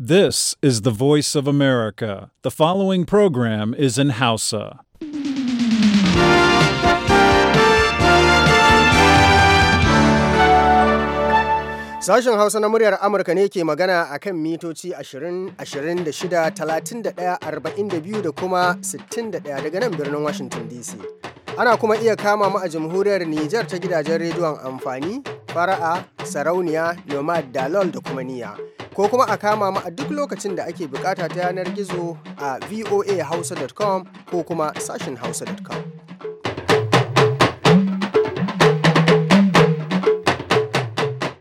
This is the voice of America. The following program is in Hausa. Sashen Hausa na muryar Amurka ne ke magana a kan mitoci 20, 26, 31, 42 da kuma 61 daga nan birnin Washington DC. Ana kuma iya kama mu a jamhuriyar Nijar ta gidajen rediyon amfani, fara'a, sarauniya, nomad, dalol da kuma niyya. ko kuma a kama mu a duk lokacin da ake bukata ta yanar gizo a voahausa.com ko kuma sashin hausa.com.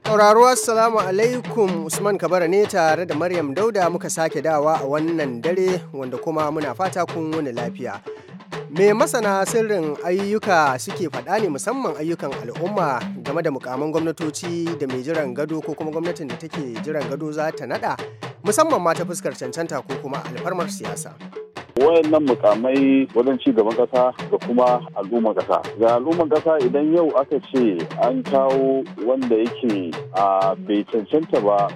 Sauraro Assalamu alaikum Usman Kabara ne tare da Maryam Dauda muka sake dawa a wannan dare wanda kuma muna fata kun wani lafiya. Me masana sirrin ayyuka suke faɗa ne musamman ayyukan al'umma game da mukaman gwamnatoci da mai jiran gado ko kuma gwamnatin da take jiran gado za ta naɗa musamman ma ta fuskar cancanta ko kuma alfarmar siyasa. wayannan mukamai wajen ci gaban kasa da kuma al'umma kasa ga al'umma kasa idan yau aka ce an kawo wanda yake a bai cancanta ba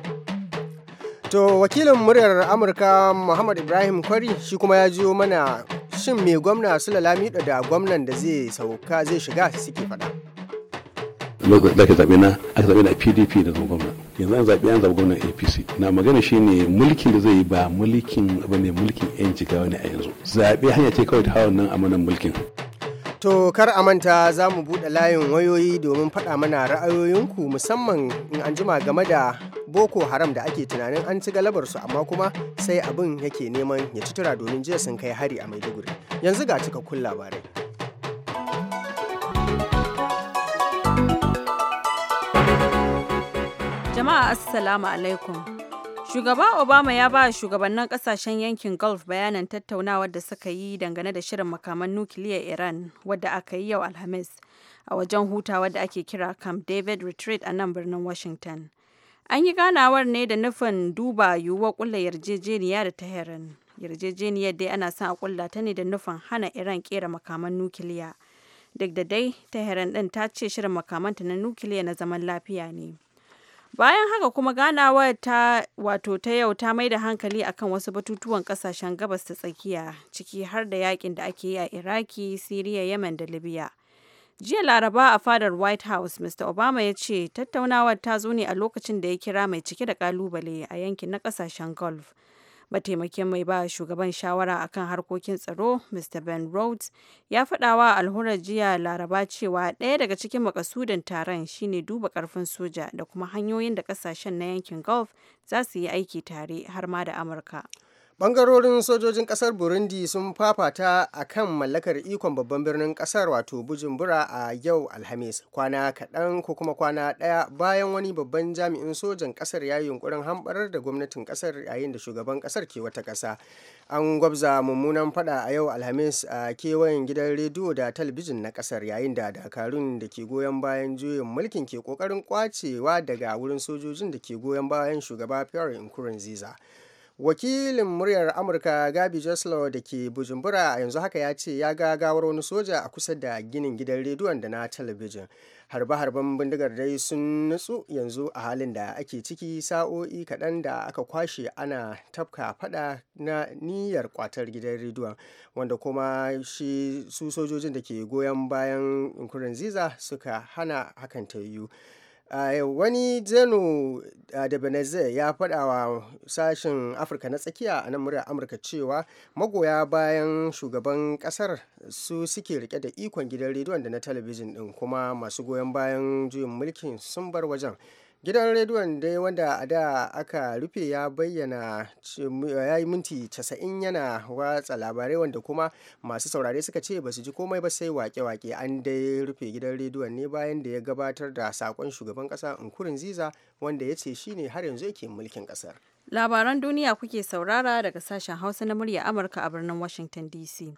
to wakilin muryar amurka muhammad ibrahim kwari shi kuma ya jiyo mana shin me gwamna su lamido da gwamnan da zai sauka zai shiga suke faɗa lokacin da aka zaɓe na aka zaɓe na pdp da zama gwamna yanzu an zaɓe an zaɓe gwamnan apc na magana shine mulkin da zai yi ba mulkin abu ne mulkin yan jigawa ne a yanzu zaɓe hanya ce kawai ta hawan nan a mulkin To kar a manta za mu buɗe layin wayoyi domin faɗa mana ra'ayoyinku musamman in an jima game da Boko Haram da ake tunanin an ci galabarsu amma kuma sai abin yake neman ya tutura domin jiya sun kai hari a Maiduguri. Yanzu ga cikakkun labarai. Jama'a Assalamu alaikum. Shugaba Obama ya ba shugabannin kasashen yankin Gulf bayanin tattaunawar da suka yi dangane da shirin makaman nukiliyar Iran wadda aka yi yau Alhamis a wajen hutawa da ake kira Camp David Retreat a nan birnin Washington. An yi ganawar ne da nufin duba yiwuwar kulla yarjejeniya da Tehran. Yarjejeniyar dai ana son a kulla ta ne da nufin hana Iran kera makaman nukiliya. Duk da dai, Tehran din ta ce shirin makamanta na nukiliya na zaman lafiya ne. Bayan haka kuma ganawar ta wato ta yau ta mai da hankali akan wasu batutuwan kasashen gabas ta tsakiya ciki har da yakin da ake yi a Iraki, Siriya, Yemen da Libya. Jiya Laraba a fadar White House, Mr. Obama ya ce tattaunawar ta zo ne a lokacin da ya kira mai cike da kalubale a yankin na kasashen golf. mataimakin mai ba shugaban shawara a kan harkokin tsaro mr ben rhodes ya faɗawa alhurar jiya laraba cewa ɗaya daga cikin makasudan taron shine duba ƙarfin soja da kuma hanyoyin da ƙasashen na yankin gulf za su yi aiki tare har ma da amurka bangarorin sojojin kasar burundi sun fafata a kan mallakar ikon babban birnin kasar wato bujumbura a yau alhamis kwana kaɗan ko kuma kwana ɗaya bayan wani babban jami'in sojan kasar ya yi yunkurin hamɓarar da gwamnatin kasar yayin da shugaban kasar ke wata ƙasa an gwabza mummunan fada a yau alhamis a kewayen gidan rediyo da talabijin na kasar yayin da dakarun da ke goyon bayan juyin mulkin ke ƙoƙarin kwacewa daga wurin sojojin da ke goyon bayan shugaba pierre nkurunziza wakilin muryar amurka gabi joslo da ke bujumbura a yanzu haka ya ce ya ga gawar wani soja a kusa da ginin gidan rediyon da na talabijin harbe-harben bindigar dai sun nutsu yanzu a halin da ake ciki sa'o'i kaɗan da aka kwashe ana tafka fada na niyyar kwatar gidan rediyon wanda kuma shi su sojojin da ke goyon bayan nkurunziza suka hana hakan ta yiwu wani zeno da benazir ya faɗa wa sashen afirka na tsakiya a nan muryar amurka cewa magoya bayan shugaban ƙasar su suke rike da ikon gidan rediyon da na talabijin ɗin kuma masu goyon bayan juyin mulkin sun bar wajen gidan rediyon dai wanda a da aka rufe ya bayyana ya yi minti casa'in yana watsa labarai wanda kuma masu saurare suka ce ba su ji komai ba sai wake-wake an dai rufe gidan rediyon ne bayan da ya gabatar da sakon shugaban kasa nkurin ziza wanda ya ce shi ne har yanzu yake mulkin kasar labaran duniya kuke saurara daga sashen hausa na murya amurka a birnin washington dc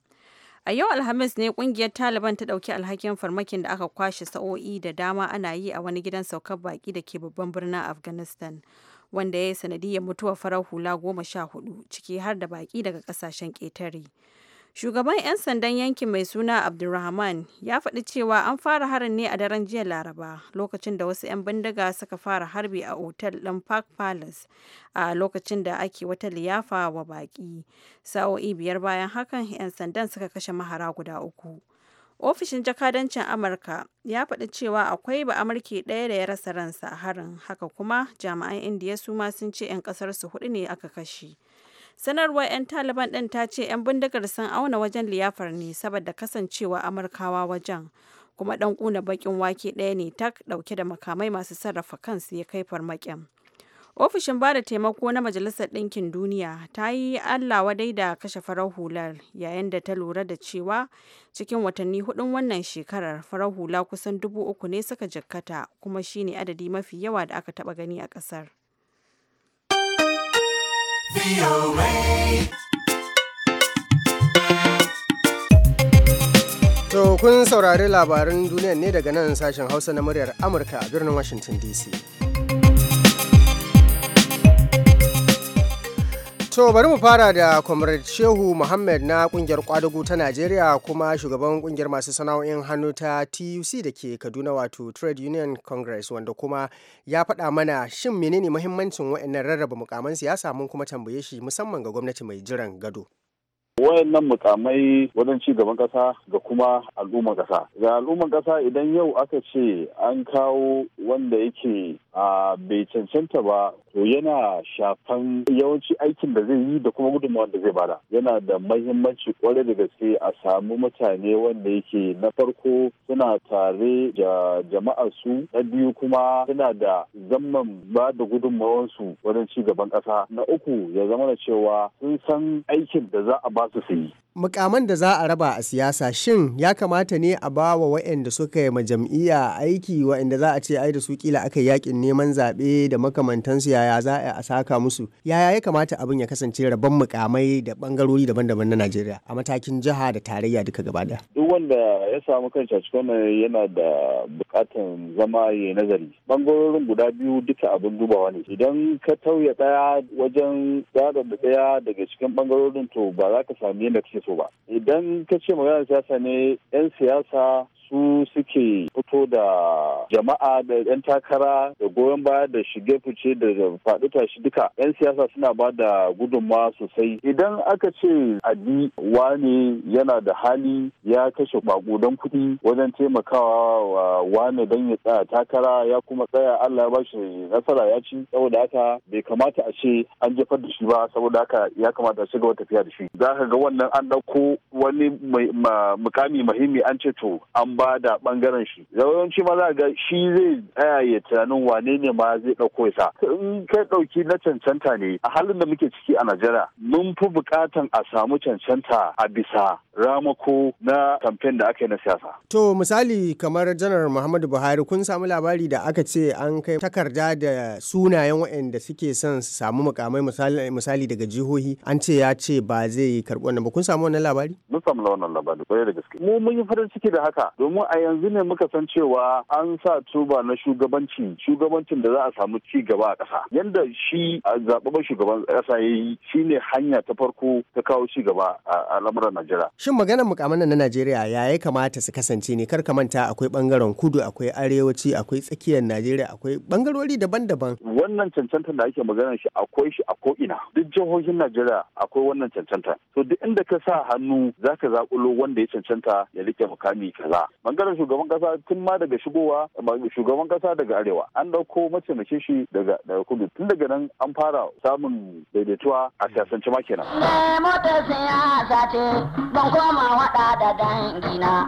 A yau Alhamis ne kungiyar Taliban ta dauki alhakin farmakin da aka kwashe sa'o'i da dama ana yi a wani gidan saukar baki da ke babban birnin Afghanistan, wanda ya yi sanadiyar mutuwar farar hula goma sha hudu, ciki har da baki daga kasashen ƙetare. Shugaban 'yan sandan yankin mai suna Abdulrahman ya faɗi cewa an fara harin ne a daren jiya Laraba lokacin da wasu 'yan bindiga suka fara harbi a otal ɗin Park Palace a lokacin da ake wata liyafa wa baƙi. Sa'o'i biyar bayan hakan 'yan sandan suka kashe mahara guda uku. Ofishin jakadancin Amurka ya faɗi cewa akwai ba Amurki ɗaya da ya rasa ransa a harin, haka kuma jami'an Indiya su ma sun ce 'yan ƙasarsu hudu ne aka kashe. sanarwar 'yan taliban ɗin ta ce 'yan bindigar sun auna wajen liyafar ne saboda kasancewa amurkawa wajen kuma ɗan ƙuna bakin wake ɗaya ne tak ɗauke da makamai masu sarrafa kansu ya kai farmakin ofishin ba da taimako na majalisar ɗinkin duniya ta yi allah wadai da kashe farar hular yayin da ta lura da cewa cikin watanni hudun wannan shekarar farar hula kusan dubu uku ne suka jikkata kuma shine adadi mafi yawa da aka taba gani a ƙasar To kun saurari labaran duniya ne daga nan sashen Hausa na muryar Amurka a birnin Washington DC. To bari mu fara da Comrade Shehu Muhammad na kungiyar kwadago ta Najeriya kuma shugaban kungiyar masu sana'o'in hannu ta TUC da ke Kaduna wato Trade Union Congress wanda kuma ya faɗa mana shin menene muhimmancin waɗannan rarraba mukaman siyasa mun kuma tambaye shi musamman ga gwamnati mai jiran gado. wayannan mukamai wajen ci gaban kasa ga kuma al'umman kasa ga al'umman kasa idan yau aka ce an kawo wanda yake A bai cancanta ba to yana shafan yawanci aikin da zai yi da kuma gudunmawa da zai bada yana da mahimmanci kwarai da gaske a samu mutane wanda yake na farko suna tare da jama'ar su na biyu kuma suna da zaman ba da gudunmawar su wajen ci gaban ƙasa na uku ya zama da cewa sun san aikin da za a ba su su yi mukaman da za a raba a siyasa shin ya kamata ne a ba wa waɗanda suka yi jam'iyya aiki waɗanda za a ce ai da su kila aka yakin neman zaɓe da makamantansu yaya za a saka musu yaya ya kamata abin ya kasance rabon mukamai da bangarori daban-daban na Najeriya a matakin jiha da tarayya duka gaba ɗaya. Duk wanda ya samu kansa cikin yana da bukatan zama ya nazari bangarorin guda biyu duka abin dubawa ne idan ka tauya ɗaya wajen tsada da ɗaya daga cikin bangarorin to ba za ka sami yadda kake so ba idan ka ce maganar siyasa ne 'yan siyasa su suke fito da jama'a da 'yan takara da goyon baya da shige fice da faɗi tashi duka 'yan siyasa suna ba da gudunma sosai idan aka ce adi wane yana da hali ya kashe don kuɗi wajen taimakawa wa wane don ya tsaya takara ya kuma tsaya allah ya bashi nasara ya ci saboda haka bai kamata a ce an jefar da shi ba saboda haka ya kamata a ci gaba tafiya da shi za ka ga wannan an ɗauko wani mukami muhimmi an ce to an ba da bangaren shi yawanci ma za ga shi zai tsaya ya tunanin wane ne ma zai ɗauko sa in kai ɗauki na cancanta ne a halin da muke ciki a najeriya mun fi bukatan a samu cancanta a bisa ramako na kamfen da aka yi na siyasa to misali kamar janar muhammadu buhari kun samu labari da aka ce an kai takarda da sunayen waɗanda suke son su samu mukamai misali daga jihohi an ce ya ce ba zai karɓi wannan ba kun samu wannan labari mun samu wannan labari kwarai da gaske mu mun yi farin ciki da haka domin a yanzu ne muka san cewa an sa tuba na shugabanci shugabancin da za a samu ci gaba a ƙasa yanda shi a zaɓaɓɓen shugaban ƙasa ya yi shi ne hanya ta farko ta kawo ci gaba a lamuran Najeriya. Shin maganar mukamman na Najeriya ya ya kamata su kasance ne kar ka manta akwai bangaren kudu akwai arewaci akwai tsakiyar Najeriya akwai bangarori daban-daban. Wannan cancantar da ake maganar shi akwai shi a ko'ina duk jihohin Najeriya akwai wannan cancanta. To duk inda ka sa hannu za ka zaƙulo wanda ya cancanta ya rike mukami kaza. bangaren shugaban kasa tun ma daga shigowa shugaban kasa daga arewa an dauko mataimakin shi daga daga kudu tun daga nan an fara samun daidaituwa a siyasance cima kenan ne motar siyasa ce ban koma wada da dangina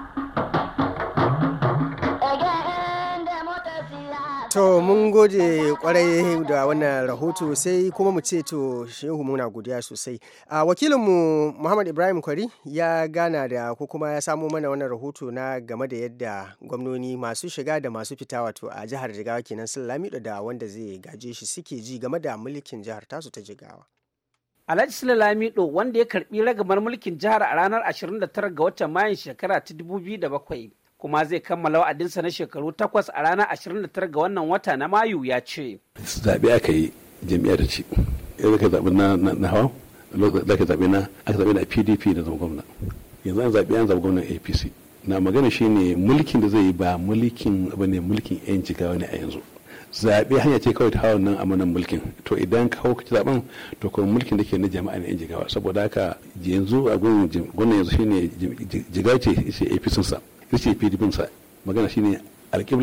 To mun gode kwarai da wannan rahoto sai kuma mu ce to shehu muna godiya sosai. A wakilinmu Muhammad Ibrahim Kwari ya gana da ko kuma ya samo mana wannan rahoto na game da yadda gwamnoni masu shiga da masu fita wato a jihar Jigawa kenan sun lamido da wanda zai gaje shi suke ji game da mulkin jihar tasu ta Jigawa. Alhaji Sule Lamido wanda ya karbi ragamar mulkin jihar a ranar 29 ga watan Mayun shekara ta 2007 kuma zai kammala wa'adinsa na shekaru takwas a ranar 29 ga wannan wata na mayu ya ce. zaɓe aka yi jami'ar da ce yanzu ka zaɓi na hawa zaka zaɓe na aka zaɓe na pdp na zama gwamna yanzu an zaɓe an zama gwamnan apc na magana shine mulkin da zai yi ba mulkin abu ne mulkin yan jigawa wani a yanzu zaɓe hanya ce kawai ta hawa nan manan mulkin to idan ka hau kaci zaɓen to kuma mulkin da ke na jama'a ne yan jigawa saboda haka yanzu a gwamnan yanzu ne jigawa ce apc sa rashin pdp sa magana shine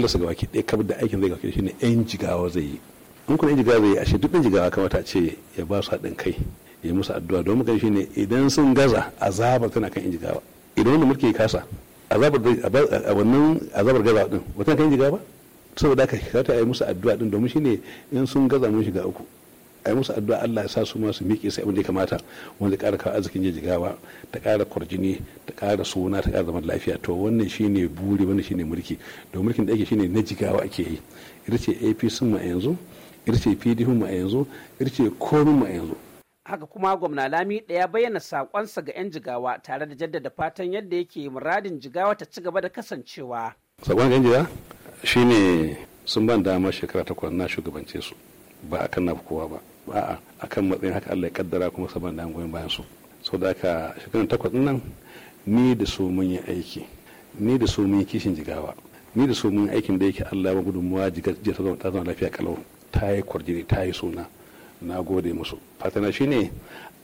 sa gaba ɗaya kabar da aikin zai gaba shine ɗan jigawa zai yi in kuna ɗan jigawa zai yi ashe duk ɗan jigawa kamata a ce ya ba su haɗin kai ya musu addu'a don magana shine idan sun gaza azabar tana kan yan jigawa idan wanda mulki ya kasa azabar a wannan azabar gaza ba wata kan yan jigawa ba saboda haka kata a yi musu addu'a ɗin domin shine in sun gaza mun shiga uku a yi musu addu'a Allah ya sa su ma su miƙe sai abin da ya kamata wanda ƙara kawo arzikin jigawa ta ƙara kwarjini ta ƙara suna ta ƙara zaman lafiya to wannan shine buri wannan shine mulki domin mulkin da ake shine na jigawa ake yi irce APC mu yanzu irce PDP mu yanzu irce komai ma yanzu haka kuma gwamna lami ɗaya bayyana saƙonsa ga 'yan jigawa tare da jaddada fatan yadda yake muradin jigawa ta ci gaba da kasancewa saƙon 'yan jigawa shine sun ban dama shekara takwas na shugabance su ba a kan na kowa ba ba'a akan matsayin haka Allah ya kaddara kuma saban da goyon bayan su so da aka shekaru takwas nan ni da su mun yi aiki ni da su mun yi kishin jigawa ni da su mun yi aikin da yake Allah ba gudunmuwa jigar jiya ta zama lafiya kalau ta yi kwarjini ta yi suna na gode musu fatana ne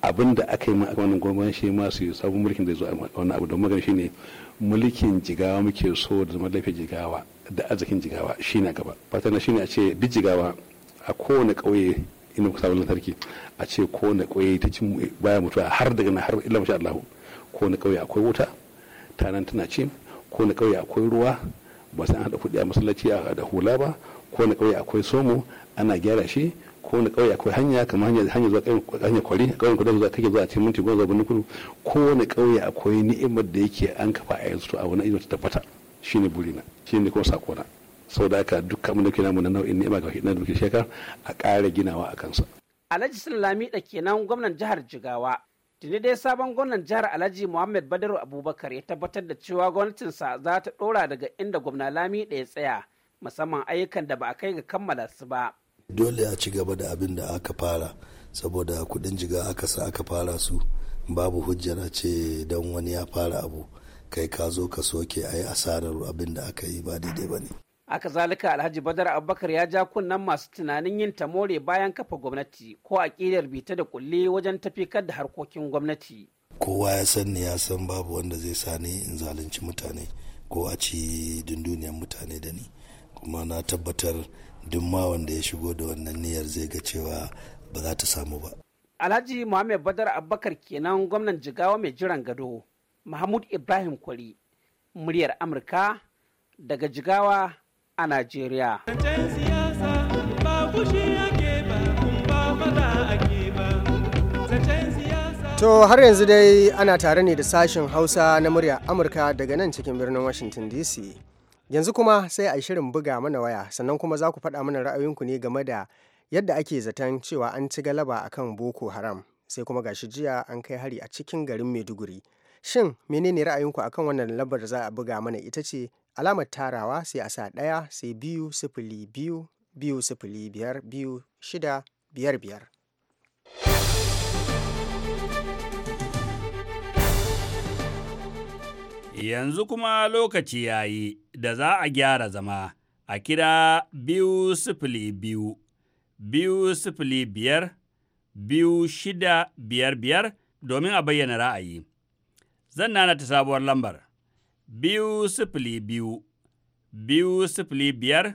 abin da aka yi a wannan gwamnati shi ma su yi sabon mulkin da zo a wannan abu don magana ne mulkin jigawa muke so da zama lafiya jigawa da arzikin jigawa shi na gaba fatana ne a ce duk jigawa a kowane ƙauye ina muka samu lantarki a ce ko na ƙauye ta cin baya mutuwa har daga na har illa masha Allah ko na ƙauye akwai wuta ta nan tana ci ko na ƙauye akwai ruwa ba san haɗa kuɗi a masallaci a da hula ba ko na ƙauye akwai somo ana gyara shi ko na ƙauye akwai hanya kamar hanya hanya zuwa hanya kwari ƙauyen kudu zuwa kake zuwa cikin minti goma zuwa birnin kudu ko na ƙauye akwai ni'imar da yake an kafa a yanzu to a wani ido ta tabbata shine burina shine kuma sakona sau da haka dukkan mun da kina nau'in ni'ima ga hidin da muke shekar a ƙara ginawa a kansa Alhaji Sulami da kenan gwamnan jihar Jigawa tuni dai sabon gwamnan jihar Alhaji Muhammad Badaru Abubakar ya tabbatar da cewa gwamnatinsa za ta ɗora daga inda gwamna Lami da ya tsaya musamman ayyukan da ba a kai ga kammala su ba dole a ci gaba da abin da aka fara saboda kudin jiga aka sa aka fara su babu hujja na ce don wani ya fara abu kai ka zo ka soke a yi asarar abin da aka yi ba daidai ba ne aka zalika alhaji badar abubakar ya ja kunnen masu tunanin yin tamore bayan kafa gwamnati ko a aƙidar bita da kulle wajen tafikar da harkokin gwamnati kowa ya san ni ya san babu wanda zai sa ni in zalunci mutane ko a ci dunduniyar mutane da ni kuma na tabbatar duk ma wanda ya shigo da wannan niyyar zai ga cewa ba za ta samu ba alhaji muhammed badar abubakar kenan gwamnan jigawa mai jiran gado mahmud ibrahim kwari muryar amurka daga jigawa a Najeriya. To har yanzu dai ana tare ne da sashen Hausa na murya Amurka daga nan cikin birnin Washington DC. Yanzu kuma sai a shirin buga mana waya sannan kuma za ku faɗa mana ra'ayinku ne game da yadda ake zaton cewa an ci galaba akan Boko Haram sai kuma gashi jiya an kai hari a cikin garin Maiduguri. Shin menene ra'ayinku akan wannan lambar da za a buga mana ita ce alamar tarawa sai a sa ɗaya sai biyu sifili biyu biyu sifili biyar biyu shida biyar biyar. Yanzu kuma lokaci ya yi da za a gyara zama a kira biyu sifili biyu, biyu sifili biyar, biyu shida biyar biyar domin a bayyana ra'ayi. Zan nana ta sabuwar lambar. biyu sifili biyu, biyu sifili biyar,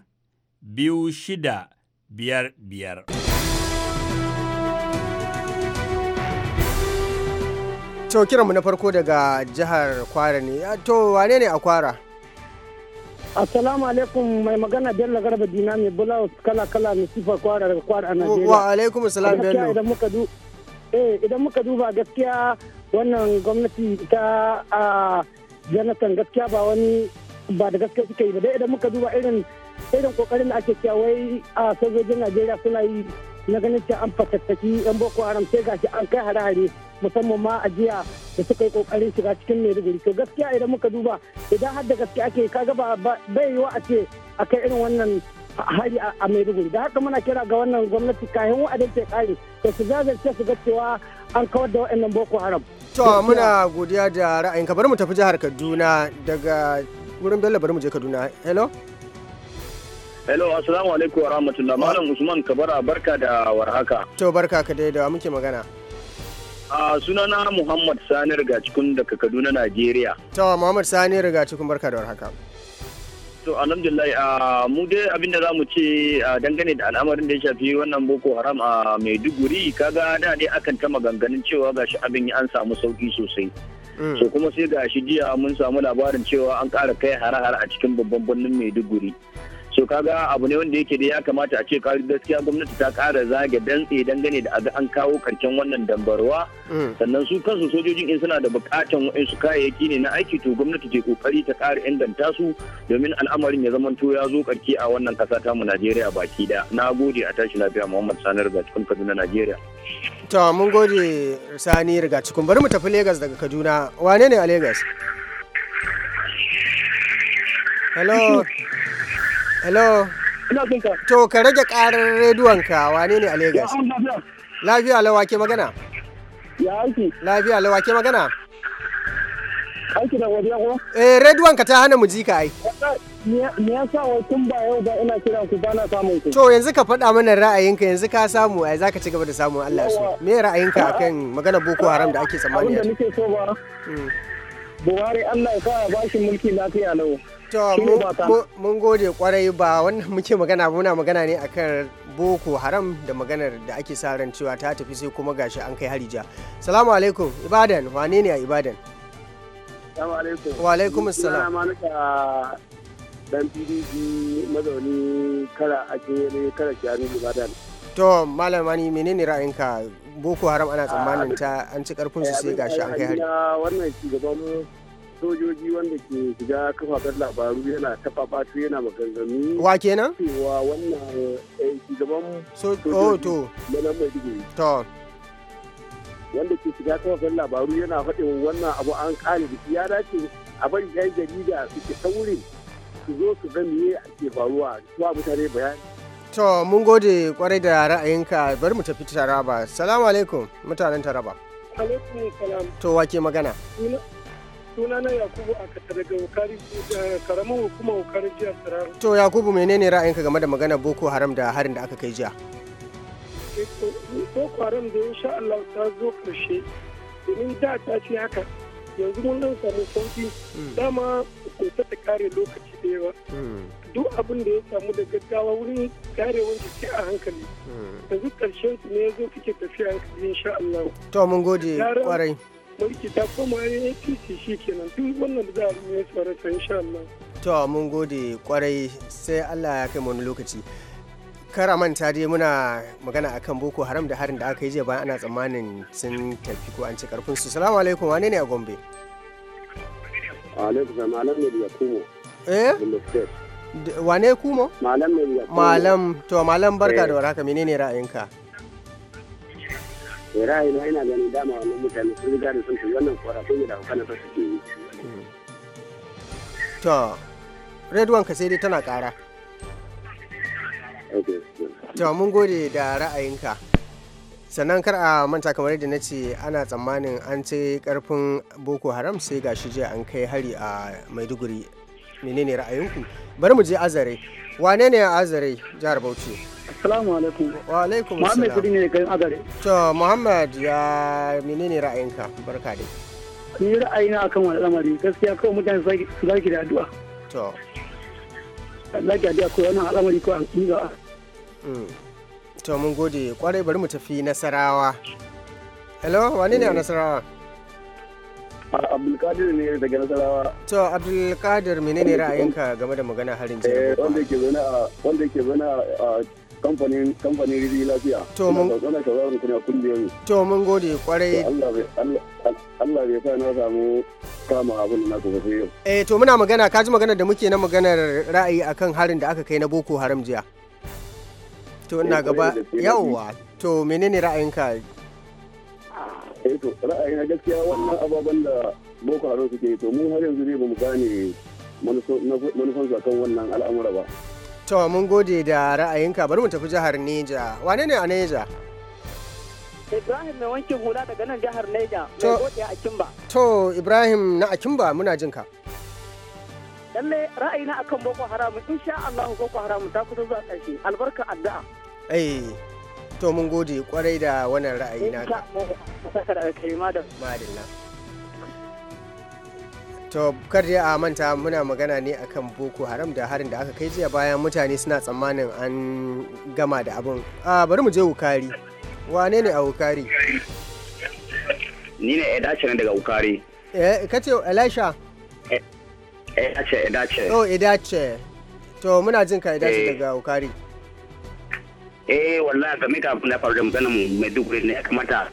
biyu shida biyar biyar. To kiranmu na farko daga jihar Kwara ne, ah, to wane ne a Kwara? Assalamu alaikum mai magana Bello Garba Dina mai Bulaus kala kala mai sifar kwara daga kwara a Najeriya. Wa alaikum salam Bello. Idan muka du eh idan muka duba gaskiya wannan gwamnati ta ah, jonathan gaskiya ba wani ba da gaskiya suke yi ba dai idan muka duba irin irin kokarin da ake kyawai a sojojin najeriya suna yi na ganin cewa an fatattaki yan boko haram sai gashi an kai hare-hare musamman ma a jiya da suka yi kokarin shiga cikin maiduguri to gaskiya idan muka duba idan har da gaskiya ake kaga ba bai yiwa a ce a kai irin wannan hari a maiduguri da haka muna kira ga wannan gwamnati kayan wa'adin ta kare da su zazarce su ga cewa an kawar da wa'annan boko haram to muna godiya da ra'ayinka bari mu tafi jihar kaduna daga wurin bello bari mu je kaduna hello hello assalamu alaikum wa rahmatullah malam usman kabara barka da warhaka to barka ka dai da muke magana a sunana muhammad sani rigacikun daga kaduna najeriya to muhammad sani rigacikun barka da warhaka to alhamdulillah ah, mu dai abinda za mu ce ah, dangane da al'amarin da ya shafi wannan boko haram a ah, maiduguri kaga da dai akan ta maganganun cewa gashi abin an samu sauki sosai mm. so kuma sai gashi jiya mun samu labarin cewa an ƙara kai har har a cikin babban birnin maiduguri so kaga abu ne wanda yake da ya kamata a ce gaskiya gwamnati ta kara zage dantse dangane da ga an kawo karshen wannan dambarwa mm. sannan su kansu sojojin in suna da bukatan wa'insu kayayyaki ne na aiki to gwamnati ke kokari ta kara inganta su domin al'amarin ya zamanto ya zo karki a wannan kasa ta mu Najeriya baki da na gode a tashi lafiya Muhammad Sani daga cikin Kaduna Najeriya to mun gode Sani daga cikin bari mu tafi Lagos daga Kaduna wane ne a Lagos Hello hello to ka rage karar rediyon ka wane ne a Lagos lafiya lawa ke magana ya aiki lafiya lawa ke magana aiki da eh rediyon ka ta hana mu ji ka ai me sa wai tun ba yau ba ina kira ku bana samun ku to yanzu ka faɗa mana ra'ayinka yanzu ka samu ai zaka ci gaba da samun Allah so me ra'ayinka akan magana Boko Haram da ake tsammani abin da nake so ba mm. Buhari Allah ya kawo bashi mulki lafiya lawa To mun gode kwarai ba wannan muke magana muna magana ne akan Boko Haram da maganar da ake sa ran cewa ta tafi sai kuma gashi an kai harija. Salamu alaikum Ibadan wane ne a Ibadan? Salamu alaikum. Wa alaikum assalam. dan pdp mazauni kara a kere kara shari ibadan to malamani menene ra'ayinka boko haram ana tsammanin ah, ta an ci karfin su eh, sai gashi an kai harija. Eh, wannan shugaban sojoji wanda ke shiga kafafen labaru yana tafa batu yana maganganu wa kenan cewa wannan eh, shugaban oh, sojoji mana mai dige. to wanda ke shiga kafafen labaru yana faɗi wannan abu an ƙare da ya dace a bari yan jarida suke saurin su zo su ga meye ke faruwa zuwa mutane bayani to mun gode kwarai da ra'ayinka bari mu tafi taraba salamu alaikum mutanen taraba alaikum salam to wake magana suna na yakubu a daga eh, karamin hukumar hukarin jiya tararo to yakubu menene ra'ayinka game da magana boko haram da harin da aka kai jiya eh, boko haram da sha Allah ta zo karshe domin da ta ce haka yanzu mun nan samu sauki hmm. dama ko ta kare lokaci da yawa hmm. duk abin da ya samu da gaggawa wurin karewar ke a hankali hmm. yanzu karshen su ne ya zo kike tafiya hankali sha Allah to mun gode kwarai mulki ta koma yin apc shi kenan duk wannan da za a yi tsare ta insha Allah to mun gode kwarai sai Allah ya kai wani lokaci kara manta dai muna magana akan boko haram da harin da aka yi jiya bayan ana tsammanin sun tafi ko an ci karfin su salamu alaikum wane ne a gombe alaikum salam alam ne da kumo eh wane kumo malam ne malam to malam barka da eh. warhaka menene ra'ayinka ra'ayi eh, ra'ayina ina ganin dama wannan mutane sun riga da sun wannan korafin ne da suke yi to redwan ka sai dai tana kara Ta mun gode da ra'ayinka sannan kar a manta kamar yadda na ce ana tsammanin an ce karfin boko haram sai ga shi jiya an kai hari a maiduguri menene ra'ayinku bari mu je azare wane ne a azare jihar bauchi Assalamu alaikum. Wa alaikum Muhammad kudi ne garin Agare. To Muhammad ya menene ra'ayinka? Barka dai. Ni ra'ayina akan wani lamari gaskiya kawai mutane su zaki da addu'a. To. Zaki addu'a ko wannan al'amari ko an kiga. Mm. To mun gode kwarai bari mu tafi Nasarawa. Hello, wani ne a eh. Nasarawa? Abdulkadir ne daga Nasarawa. To Abdulkadir menene eh, ra'ayinka game da magana harin eh, jirgin? Wanda ke zaune a kamfanin kamfanin riri lafiya to mun kana sauraron kuna kullum to mun gode kwarai Allah bai sa na samu kama abin da na ku sai yau eh to muna magana ka ji magana da muke na maganar ra'ayi akan harin da aka kai na Boko Haram jiya to ina eh, gaba yawwa to menene ra'ayinka eh to na gaskiya wannan ababen da Boko Haram suke to mu har yanzu ne bamu gane manufansu akan wannan al'amura ba To mun gode da ra'ayinka bari mu tafi jihar Neja. Wane ne a Neja? Ibrahim mai wankin hula daga nan jihar Neja mai gode a Akimba. To Ibrahim na Akimba muna jin ka. Lalle ra'ayina akan Boko Haram insha Allah Boko Haram ta kusa zuwa ƙarshe albarka addu'a. Eh to mun gode kwarai da wannan ra'ayi da Madalla. to kar dai a manta muna magana ne akan boko haram da harin da aka kai jiya bayan mutane suna tsammanin an gama da abin a bari mu je wukari wane ne a wukari ni ne edace ne daga wukari eh kace elisha e, edace edace oh edace to muna jin ka edace eh. daga wukari eh wallahi game ka na faru da maganar mai dugure ne ya kamata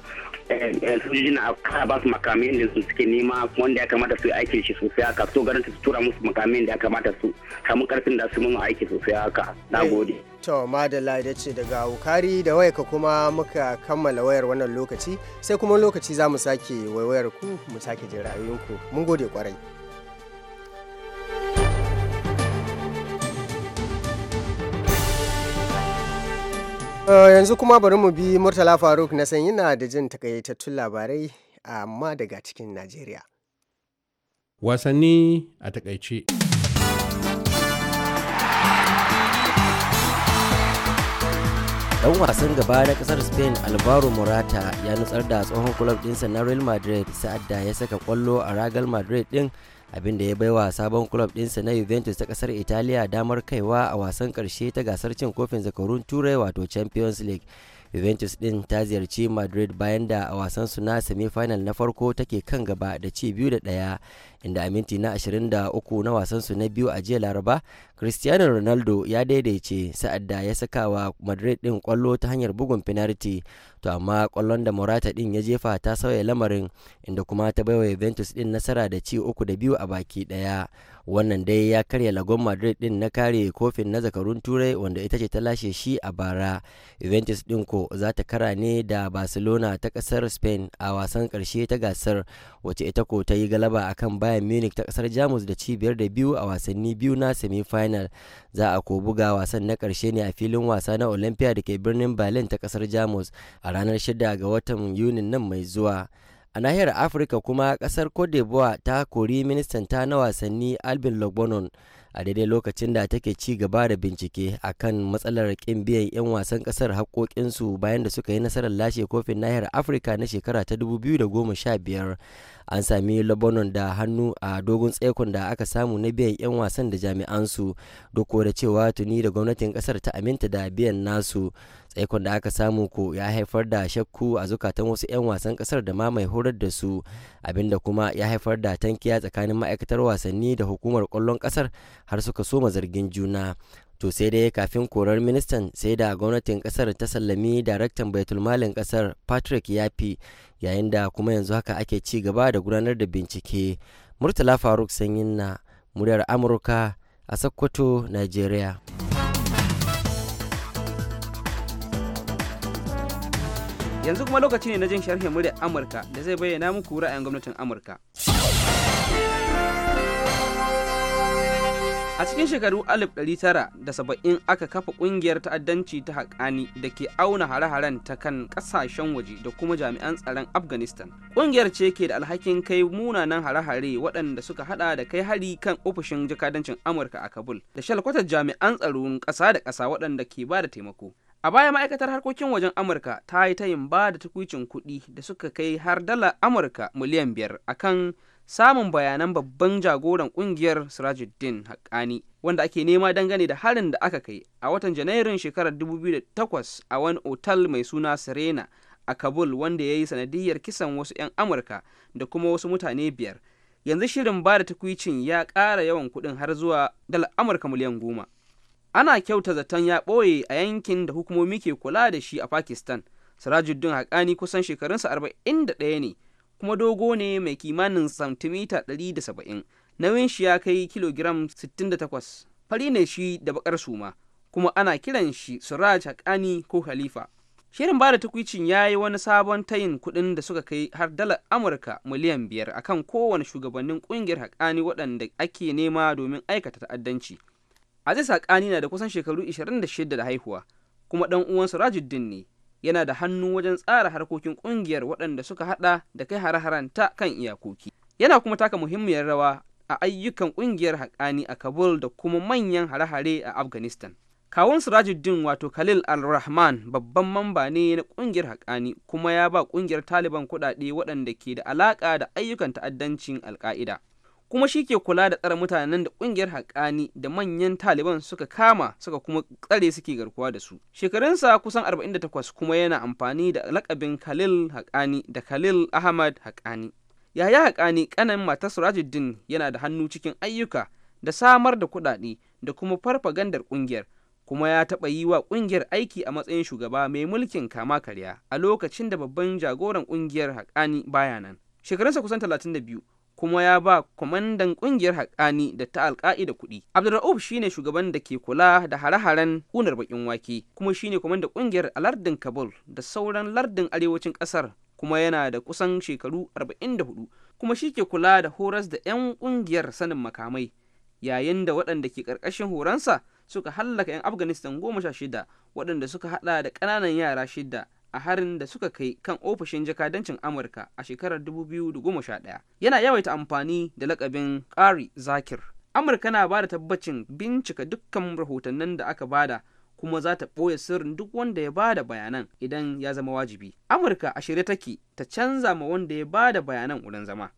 Eh, eh, sojojin a kasa ba su makamai da su suke nema wanda ya kamata su yi aikin shi sosai haka so garin su tura musu makamai da ya kamata su samu karfin da su mamu aiki sosai haka na eh, gode. to madalla da ce daga wukari da wayarka kuma muka kammala wayar wannan lokaci sai kuma lokaci za mu sake wayar ku mu sake jin ku mun gode kwarai. yanzu kuma bari mu bi murtala faruk na san yana da jin takaitattun labarai amma daga cikin najeriya wasanni a takaice dan wasan gaba na kasar spain alvaro morata ya nutsar da tsohon kulob dinsa na real madrid sa'adda ya saka kwallo a ragal madrid din Abin da ya baiwa sabon club ɗinsa na Juventus ta kasar Italiya damar kaiwa a wasan karshe ta gasar cin kofin zakarun Turai wato Champions League. Juventus din ta ziyarci Madrid bayan da a wasan su na semi-final na farko take kan gaba da ci biyu da ɗaya inda a minti na 23 na wasan su na biyu a jiya Laraba cristiano ronaldo ya daidaice sa'ad da ya saka wa madrid din kwallo ta hanyar bugun finarti to amma kwallon da morata din ya jefa ta sauya lamarin inda kuma ta baiwa juventus din nasara da ci uku da biyu a baki daya wannan dai ya karya lagon madrid din na kare kofin na zakarun turai wanda ita ce ta lashe shi a bara juventus din ko za ta kara ne da barcelona ta kasar spain a wasan karshe ta gasar wacce ita ko ta yi galaba akan bayan munich ta kasar jamus da ci biyar da biyu a wasanni biyu na semifinal final za a ko buga wasan na karshe ne a filin wasa na olympia da ke birnin berlin ta kasar jamus a ranar 6 ga watan yunin nan mai zuwa a nahiyar afirka kuma kasar cote d'ivoire ta kori ministan ta na wasanni albin logbonon a daidai lokacin da take ci gaba da bincike a kan matsalar kin biyan 'yan wasan kasar haƙoƙinsu bayan da suka yi nasarar lashe kofin nahiyar afirka na shekara ta 2015 an sami lebanon da hannu a dogon tsaikon da aka samu na biyan 'yan wasan da jami'ansu duk da cewa tuni da gwamnatin kasar ta aminta da biyan nasu tsaikon da aka samu ko ya haifar da shakku a zukatan wasu 'yan wasan kasar da ma mai horar da su abinda kuma ya haifar da tankiya tsakanin ma'aikatar wasanni da hukumar kwallon kasar har suka soma zargin juna to sai dai kafin korar ministan sai da gwamnatin kasar ta sallami daraktan baitulmalin kasar patrick yafi yayin da kuma yanzu haka ake ci gaba da gudanar da bincike murtala faruk sanyin na muryar amurka a sokoto nigeria yanzu kuma lokaci ne na jin sharhin muryar amurka da zai bayyana muku ra'ayin gwamnatin amurka A cikin shekaru 1970 aka kafa kungiyar ta'addanci ta haƙani da ke auna hare-haren ta kan ƙasashen waje da kuma jami'an tsaron Afghanistan. Kungiyar ce ke da alhakin kai munanan hare-hare waɗanda suka hada da kai hari kan ofishin jakadancin Amurka a Kabul da shalkwatar jami'an tsaron ƙasa da ƙasa waɗanda ke ba da taimako. A baya ma'aikatar harkokin wajen Amurka ta yi tayin ba da takwicin kuɗi da suka kai har dala Amurka miliyan biyar akan samun bayanan babban jagoran kungiyar Sirajuddin Haqqani wanda ake nema dangane da harin da aka kai a watan Janairun shekarar 2008 a wani otal mai suna Serena a Kabul wanda ya yi sanadiyar kisan wasu 'yan Amurka da kuma wasu mutane biyar. Yanzu shirin ba da takwicin ya ƙara yawan kuɗin har zuwa dala Amurka miliyan goma. Ana kyauta zaton ya ɓoye a yankin da hukumomi ke kula da shi a Pakistan. Sirajuddin Haqqani kusan shekarunsa arba'in da 41 ne kuma dogo ne mai kimanin santimita 170 nauyin shi ya kai kilogiram 68 fari ne shi da bakar suma kuma ana kiran shi suraj haƙani ko khalifa shirin bada tukwicin ya yi wani sabon tayin kuɗin da suka kai har dala amurka miliyan biyar a kan kowane shugabannin ƙungiyar haƙani waɗanda ake nema domin aikata ta'addanci aziz haƙani na da kusan shekaru 26 da haihuwa kuma ɗan uwan surajuddin ne yana da hannu wajen tsara harkokin kungiyar waɗanda suka haɗa da kai hare-harenta kan iyakoki yana kuma taka muhimmiyar rawa a ayyukan kungiyar haƙani a kabul da kuma manyan hare-hare a afghanistan kawun sirajuddin wato khalil al-rahman babban mamba ne na kungiyar haƙani kuma ya ba kungiyar taliban kuɗaɗe waɗanda ke da alaƙa da ayyukan ta'addancin alƙa'ida kuma shi ke kula da tsare mutanen da kungiyar haƙani da manyan taliban suka kama suka kuma tsare suke garkuwa da su shekarunsa kusan 48 kuma yana amfani da lakabin khalil haƙani da khalil ahmad haƙani yaya haƙani kanan matar surajuddin yana da hannu cikin ayyuka da samar da kuɗaɗe da kuma farfagandar kungiyar kuma ya taɓa yi wa ƙungiyar aiki a matsayin shugaba mai mulkin kama karya a lokacin da babban jagoran ƙungiyar haƙani baya nan shekarunsa kusan 32 kuma ya ba kwamandan kungiyar haƙani da ta alka'ida kuɗi. Abdulra'uf shine shugaban da ke kula da hare-haren kunar bakin wake kuma shine kwamandan kungiyar a lardin Kabul da sauran lardin arewacin ƙasar kuma yana da kusan shekaru arba'in da hudu kuma shi ke kula da horas da 'yan kungiyar sanin makamai yayin da waɗanda ke ƙarƙashin horonsa suka hallaka 'yan Afghanistan goma sha shida waɗanda suka haɗa da ƙananan yara shida a harin da suka kai kan ofishin jakadancin amurka a shekarar 2011 yana yawaita amfani da lakabin ƙari zakir amurka na ba da tabbacin bincika dukkan rahotannin da aka bada kuma za ta ɓoye sirrin duk wanda ya bada bayanan idan ya zama wajibi amurka a shirye take ta canza ma wanda ya bada bayanan wurin zama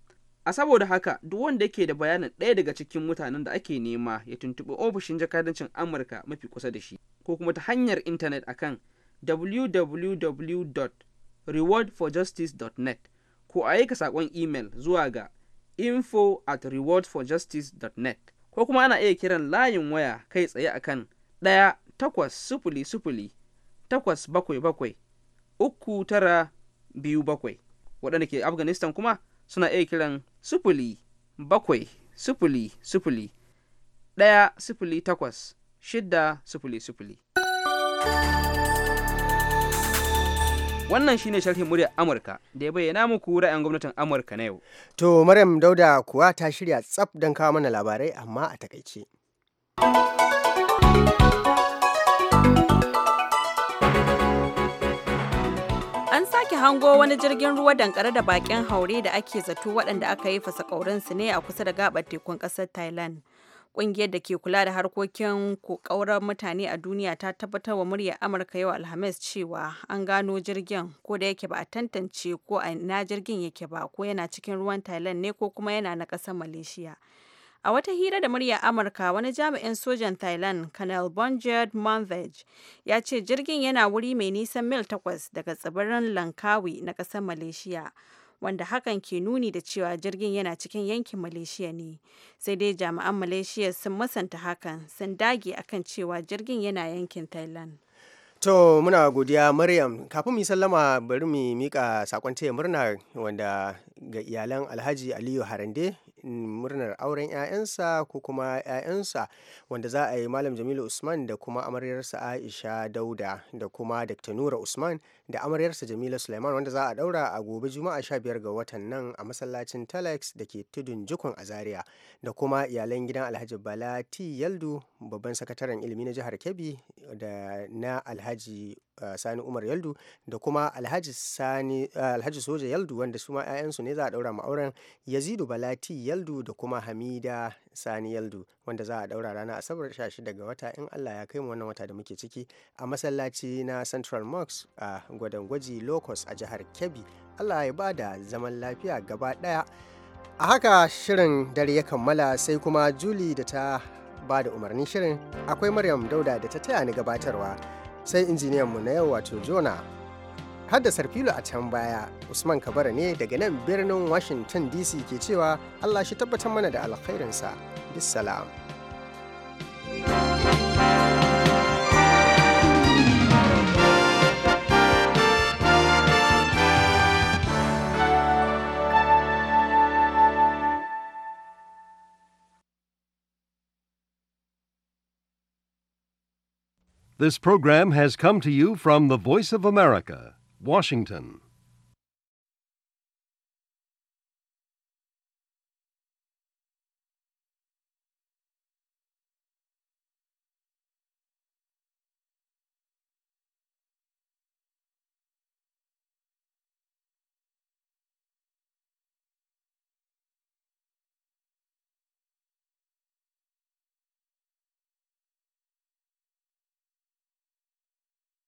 a saboda haka duk wanda yake da bayanan ɗaya daga cikin mutanen da ake nema ya tuntuɓi ofishin jakadancin amurka mafi kusa da shi ko kuma ta hanyar intanet akan www.rewardforjustice.net ko a aika saƙon imel zuwa ga info at rewardforjustice.net ko kuma ana iya kiran layin waya kai tsaye akan ɗaya takwas sifili sifili takwas bakwai bakwai uku tara biyu bakwai waɗanda ke afghanistan kuma suna iya kiran sifili bakwai sifili sifili ɗaya sifili takwas shidda sifili sifili. Wannan shine sharhin muryar Amurka da ya bayyana muku ra'ayin gwamnatin Amurka na yau. To Maryam Dauda kuwa ta shirya tsaf don kawo mana labarai amma a takaice. An sake hango wani jirgin ruwa dankare da bakin haure da ake zato waɗanda aka yi fasa su ne a kusa da gabar tekun ƙasar Thailand. Ƙungiyar da ke kula da harkokin ƙaurar mutane a duniya ta tabbatar wa muryar Amurka yau Alhamis cewa an gano jirgin ko da yake ba a tantance ko a na jirgin yake ba ko yana cikin ruwan Thailand ne ko kuma yana na ƙasar Malaysia. A wata hira da muryar Amurka, wani jami'in sojan Thailand, Colonel Bonjard Manvej, ya ce jirgin yana wuri mai nisan mil 8 daga tsibirin Langkawi na ƙasar Malaysia, wanda hakan ke nuni da cewa jirgin yana cikin yankin malaysia ne sai dai jami'an malaysia sun masanta hakan sun dage akan cewa jirgin yana yankin thailand To muna godiya Maryam kafin mu sallama bari mu mika sakon taya murna wanda ga iyalan Alhaji Aliyu Harande murnar auren 'ya'yansa ko kuma 'ya'yansa wanda za a yi malam jamilu usman da kuma amaryarsa aisha dauda da kuma dr nura usman da amaryarsa jamila suleiman wanda za a daura a gobe juma'a sha biyar ga watan nan a masallacin telex da ke tudun jikon a zaria da kuma iyalan gidan alhaji bala t yaldu babban sakataren ilimi na jihar kebbi da na alhaji eh, sani umar yaldu da kuma alhaji eh, alhaji soja yaldu wanda su ma 'ya'yansu ne za a daura ma auren yazidu balati Yaldu da kuma Hamida Sani Yaldu wanda za a daura ranar Asabar 16 ga wata in Allah ya kai mu wannan wata da muke ciki a masallaci na Central Mosque a gwadon gwaji Locust a jihar Kebbi. Allah ya bada zaman lafiya gaba daya. A haka shirin dare ya kammala sai kuma juli da ta ba da umarnin shirin akwai Maryam Dauda da ta taya ni gabatarwa sai injiniyanmu na yau wato Jona a can baya usman kabara ne daga nan birnin washington dc ke cewa allah shi tabbatar mana da alkhairinsa This program has come to you from the Voice of America, Washington.